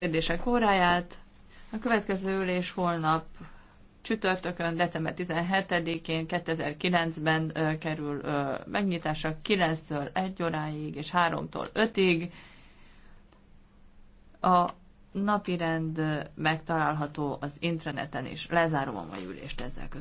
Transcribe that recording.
kérdések óráját. A következő ülés holnap csütörtökön, december 17-én 2009-ben ö, kerül ö, megnyitásra 9-től 1 óráig és 3-tól 5-ig. A napirend megtalálható az interneten is. Lezárom a mai ülést ezzel köszönöm.